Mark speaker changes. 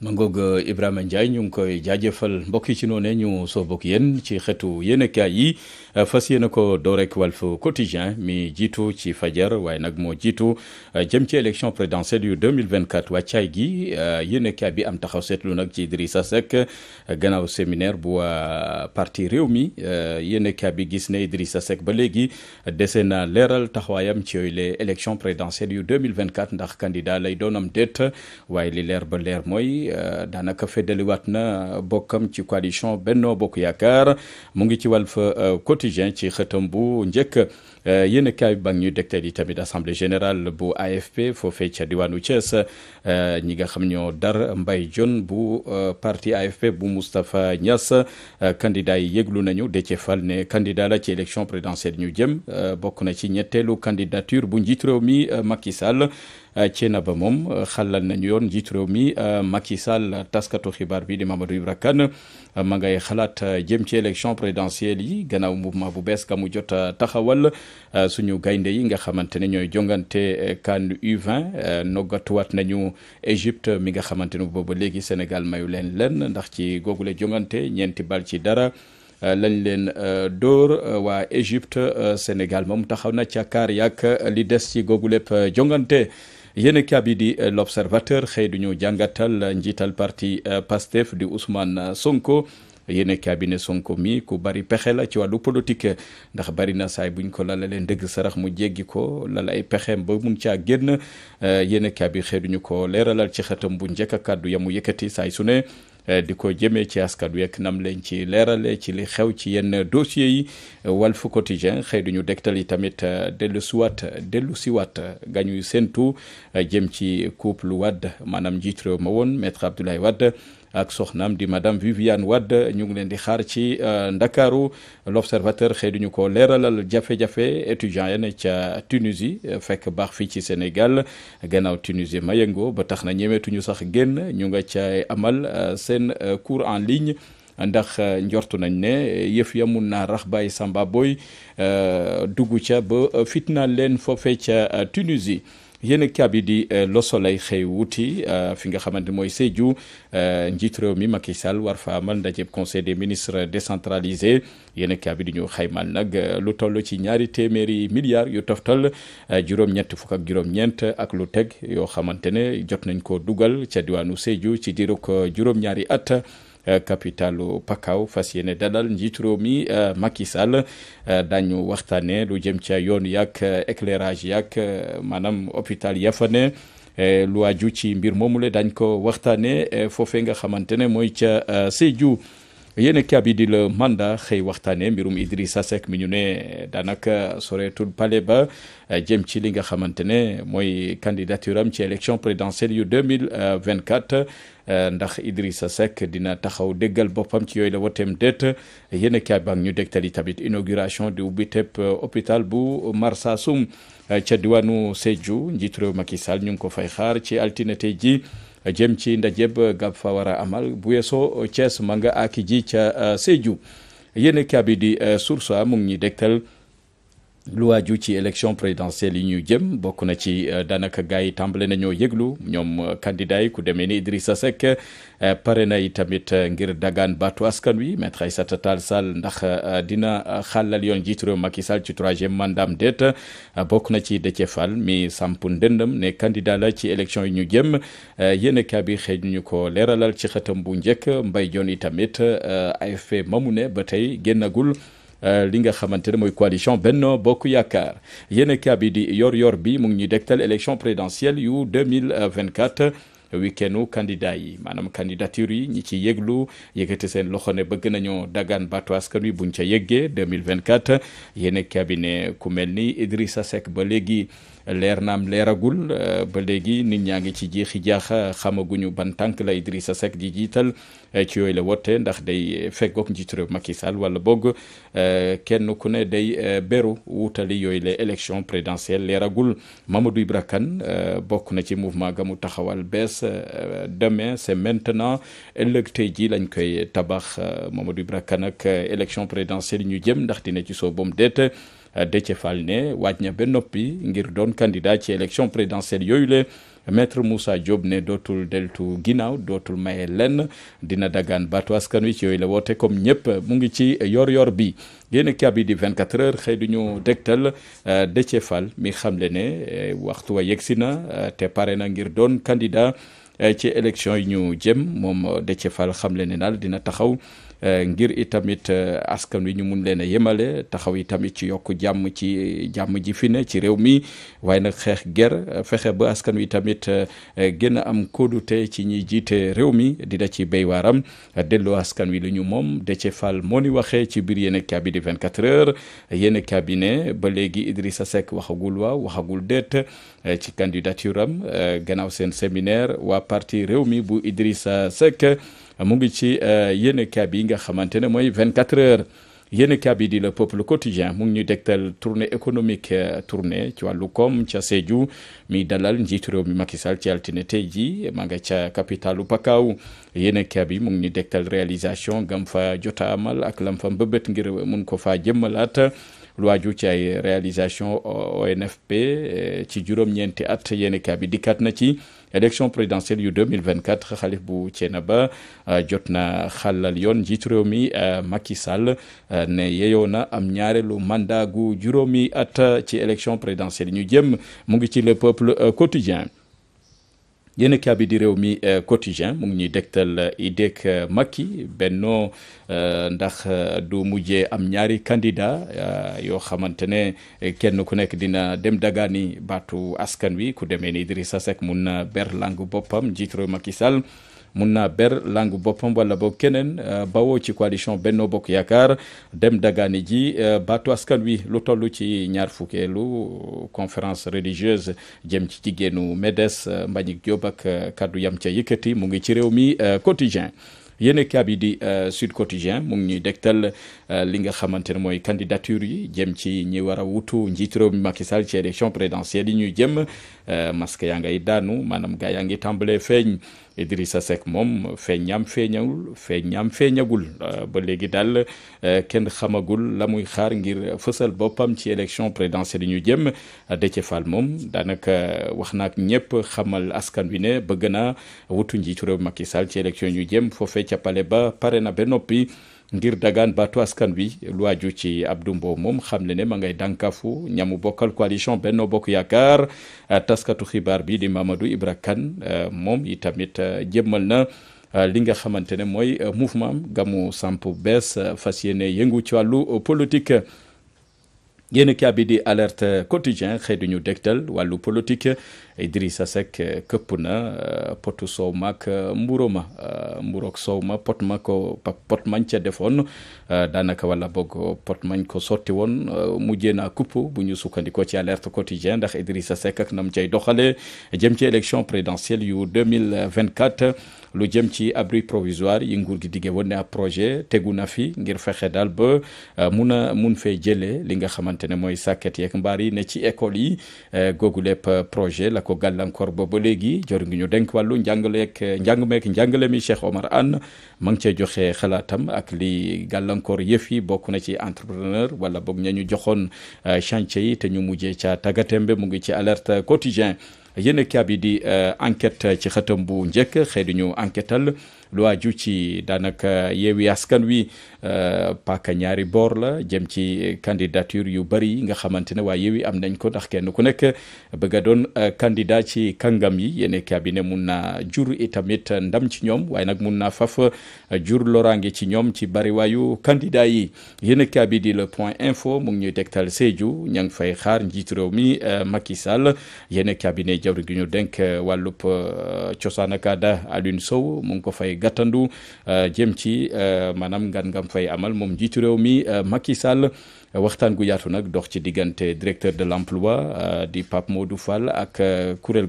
Speaker 1: ma ngoog eh, Ibrahima Ndiaye ñu ngi koy jaajëfal mbokk yi ci noonu ñu soo bokk yéen ci xeetu yéenekaay yi eh, fas yéene ko doo rek Walf Quotidien mi jiitu ci fajar waaye nag moo jiitu eh, jëm ci élection présidentielle yu 2024 wàccaay gi yéenekaay bi am taxaw seetlu nag ci Idrissa Seck ganaaw seminaire bu waa parti réew mi yenn yéenekaay bi gis ne Idrissa Seck ba léegi dese na leeral taxawaayam ci yooyu les élections présidentielles yu 2024 ndax candidat lay doonam déet waaye li leer ba leer mooy. tey euh, daanaka feddaliwaat na bokkam ci coalition Benno Bokk Yaakaar mu ngi ci Walf euh, Quotidien ci xëtam bu njëkk euh, yéen kaay ba ñu dégtal yi tamit assemblée générale bu AFP foofee ca diwaanu Thiès ñi nga xam ñoo dar mbay Dione bu parti AFP bu Moustapha Niass candidat yi yëglu nañu Déthié Fall ne candidat la ci élection présidentielle ñu jëm bokk na ci ñetteelu candidature bu njiit réew mi Macky Sall ci na ba moom xalal nañu yoon njiitu réew mi Macky Sall taskatu xibaar bi di Mamadou Ibra Kane ma ngay xalaat jëm ci élection présidentielle yi gannaaw mouvement bu bees ka mu jot taxawal suñu gaynde yi nga xamante ne ñooy jongante CAN U20 noggatuwaat nañu Égypte mi nga xamante ne booba léegi Sénégal mayu leen lenn ndax ci googule jongante ñeenti bal ci dara lañ leen door waa Égypte Sénégal moom taxaw na ca kaar yàq li des ci googu lépp jongante yéen kaabi di euh, l'observateur xëy duñu jàngatal njiital parti euh, Pastef di Ousmane Sonko yéen ne Sonko mi ku bari pexe la ci wàllu politique ndax bari na saay buñ ko lala leen dëgg sarax mu jéggi ko lala ay pexeem ba mun caa génn euh, yéen a kaabi xëy duñu ko leeralal ci xëtam bu njëkk a kàddu yamu yëkkati saay su ne Eh, di ko jëmee ci askan wi ak nam leen ci leeralee ci li xew ci yenn dossiers yi eh, Walf Quotidien xëy ñu degtal yi tamit eh, dellu siwaat dellu siwaat gañuy séntu jëm ci couple Wade maanaam njiit ma woon maître Abdoulaye Wade ak soxnaam di madame Viviane Wade ñu ngi leen di xaar ci euh, Ndakaaru l'observateur xëy duñu ko leeralal jafe-jafe étudiant ya ne ca Tunisie euh, fekk baax fii ci Sénégal gannaaw Tunisie mayengo ba tax na ñemeetuñu sax génn ñu nga ca amal euh, seen cours en ligne ndax njortu nañ ne yëf ya mun naa rax bàyyi Samba Boy dugg ca ba fitna leen foofe ca Tunisie yéen a kaabi di eh, Le Soleil xëy wuti eh, fi nga xamante mooy Sédhiou eh, njiit réew mi Macky Sall war fa amal ndajeb conseil des ministres décentralisé yéen a kaabi di ñu xaymal nag lu toll ci ñaari téeméeri milliards yu toftal juróom-ñett fukk ak juróom-ñeent ak lu teg yoo xamante ne jot nañ ko dugal ca diwaanu Sédhiou ci diirug juróom-ñaari at. Eh, capitalu Pakao fas yéene dalal njiitu réew mi eh, Macky Sall eh, dañu waxtaanee lu jëm ca yoon yak éclairage yak maanaam hôpital ya fa ne lu ci mbir moomule dañ ko waxtaanee foofee nga xamante ne mooy ca Sédhiou. yéen a bi di la mandat xëy waxtaanee mbirum Idrissa Seck mi ñu ne daanaka soreetul palais ba euh, jëm ci li nga xamante ne mooy candidature am ci élection présidentielle yu 2024 euh, ndax Idrissa Seck dina taxaw déggal boppam ci yooyu la woteem déet yéen a kii ñu dégtali tamit inauguration di ubbi tepp hopital euh, bu Marsassoum ca diwaanu Sédhiou njiitu réew Macky Sall ñu ngi ko fay xaar ci altine tey ji jëm ci ndajeb gab fa war a amal bu weesoo Thiès ma nga ak ji ca euh, Sédhiou yéen a kaabi di euh, Source A mu ngi ñuy lu waaju ci élection présidentielle yi ñu jëm bokk na ci euh, daanaka gars yi tàmbale nañoo yëglu ñoom euh, candidat yi ku demee ni Idrissa Seck euh, pare na yi tamit ngir dagaan baatu askan wi maître Aïssata Tall Sall ndax dina xàllal yoon jiitu réew Macky Sall ci troisième mandat am déet bokk na ci Déthié Fall mi samp ndëndam ne candidat la ci élection yi ñu jëm yéen a bi xëy ñu ko leeralal ci xëtam bu njëkk Mbaye Dione yi tamit AFP mamu ne ba tey génnagul. Euh, li nga xamante ne mooy coalition Benno Bokk Yaakaar yéen a bi di yor yor bi mu ngi ñuy dégtal élection présidentielle yu 2024 weekendu candidat yi maanaam candidature yi ñi ci yëglu yëkkati seen loxo ne bëgg nañoo dagaan baatu askan wi buñ ca yëggee 2024 yéen a bi ne ku mel ni Idrissa Seck ba léegi. leer naam leeragul euh, ba léegi nit ñaa ngi ci jeexi jaax xamaguñu ban tànk la sa Seck di jiital euh, ci yooyu la wote ndax day feggoog njiitu réew Macky Sall wala boog euh, kenn ku ne day beru wutali yooyu la élection présidentielle leeragul Mamadou Ibra Kane bokk na ci mouvement ga mu taxawal bees demain c'est maintenant ëllëg tey jii lañ koy tabax Mamadou Ibra Kane ak élection présidentielle ñu jëm ndax dina ci soo bom deet Déthié Fall ne waaj na be noppi ngir doon candidat ci élection présidentielle yooyu le maître Moussa Diop ne dootul deltu ginnaaw dootul maye lenn dina dagaan baatu askan wi ci yooyu la woote comme ñëpp mu ngi ci yor-yor bi kaab yi di 24 heures xëy du ñu dégtal euh, Déthié Fall mi xamle ne euh, waxtu wa yegsi na euh, te pare na ngir doon candidat ci élection yi ñu jëm moom Déthié xam xamle ne daal dina taxaw. Eh, ngir itamit eh, askan wi ñu mun leen a yemale taxaw itamit ci yokk jàmm ci jàmm ji fi ne ci réew mi waaye nag xeex ger eh, fexe ba askan wi tamit gën a am kóolute ci ñiy jiite réew mi dina ci béy waaram delloo askan wi lu ñu moom Déthié Fall moo ni waxee ci biir yéen a bi di 24 heures yéen a cabinet ba léegi Idrissa Seck waxagul waaw waxagul déet ci candidature am gannaaw seen séminaire waa parti réew mi bu Idrissa Seck. mu ngi ci euh, yéenekaay bi nga xamante ne mooy 24 heures yéenekaay bi di le peuple quotidien mu ngi ñu dégtal tournée économique euh, tournée ci wàllu koom ca Sédhiou mi dalal njiitu réew mi Macky ci altine te ji maa nga ca capitalu Pakao yéenekaay bi mu ngi ñu dégtal réalisation gam fa jota amal ak lam fa mbëbët ngir mun ko faa jëmmalaat lu aju ci ay réalisation ONFP eh, ci juróom-ñeenti at yéen kaa bi dikkaat na ci élection présidentielle yu 2024 xalif bu Thiénaba eh, jot na xàllal yoon njiitu réew mi eh, Macky Sall ne yeyoo na am ñaareelu mandat gu juróomi at ci élection présidentielle ñu jëm mu ngi ci le peuple quotidien yenn a bi di réew mi euh, quotidien mu ngi ñuy dégtal euh, IDEC euh, Macky Benno ndax du mujjee am ñaari candidat yoo xamante ne kenn ku nekk dina dem dagaani baatu askan wi ku demee ni Idrissa Seck mun na ber langue boppam njiit réew Macky Sall mun naa ber langue boppam wala boog keneen euh, bawoo ci coalition Benno Bokk Yaakaar dem dagaani ji euh, baatu askan wi lu toll ci ñaar fukkeelu conférence religieuse jëm ci jigéenu MEDES euh, Mbagnick Diop ak kaddu yam ca yëkkati mu ngi ci réew mi quotidien yéen kaab yi di Sud Quotidien mu ngi ñuy dégtal li nga xamante ne mooy candidature yi jëm ci ñi war a wutu njiitu réew mi Macky Sall ci élection présidentielle yi ñuy jëm masque yaa ngay daanu maanaam gaa yaa ngi tàmbalee feeñ. Idrissa Seck moom feeñaam feeñawul feeñaam feeñagul euh, ba léegi daal euh, kenn xamagul la muy xaar ngir fësal boppam ci élection présidentielle yi ñu jëm Déthié Fall moom daanaka euh, wax naak ñëpp xamal askan wi ne bëgg naa wutu njiitu réew Macky Sall ci élection ñu jëm foofee ca pale ba pare na ba noppi. ngir dagaan baatu askan wi lu aju ci Abdou Mbow moom xam ne ne ma ngay dànkafu ñamu bokkal coalition benn Bokk Yaakaar taskatu xibaar bi di Mamadou Ibra moom yi tamit jëmmal na li nga xamante ne mooy mouvement gamu samp bees fas yéene yëngu ci wàllu politique yéen a kii di alerte quotidien xëy du ñu dégtal wàllu politique. Idrissa Seck euh, këpp na euh, potu soow maak euh, mburo ma mburook soow ma pot ma ko pot mañ ca defoon daanaka wala boog pot mañ ko sotti woon mujjee naa kupp bu ñu sukkandikoo ci alerte quotidien ndax Idrissa Seck ak nam cay doxale jëm ci élection présidentielle yu 2024 lu jëm ci abri provisoire yi nguur gi digge woon ne ab projet tegu na fi ngir fexe daal ba mun a mun fee jëlee li nga xamante ne mooy sàkket yeeg mbaar yi ne ci école yi googu lépp projet la ko gàllankoor ba ba léegi jor ngi ñu dénk wàllu njàngaleek njàng meek njàngale mi Cheikh Omar ann ma ngi cee joxe xalaatam ak li gàllankoor yëf yi bokk na ci entrepreneur wala boog ña ñu joxoon euh, chantier yi te ñu mujjee ca tagatembe mu ngi ci alerte quotidien yéen a kaabi di euh, enquête ci xëtam bu njëkk xëy di ñu enquêtal lu aju ci daanaka eh, yeewi askan wi eh, paaka ñaari boor la jëm ci candidature yu bëri yi nga xamante ne waa yeewi am nañ ko ndax kenn ku nekk bëgg doon eh, candidat ci kàngam yi yene cabinet mun naa jur itamit ndam ci ñoom waaye nag mun naa faf jur loraange ci ñoom ci waayu candidat yi yene cabinet di le point info mu ngi ñuy tegtal Sédhiou ña ngi fay xaar njiitu réew mi Macky Sall yene cabinet jawri gi ñu dénk wàllub cosaan ak aada Sow mu ngi ko fay gàttandu euh, jëm ci euh, maanaam ngan ngam fay amal moom njiitu réew mi euh, Macky Sall waxtaan gu yaatu nag dox ci diggante directeur de l'emploi di Pape Modou Fall ak kuréel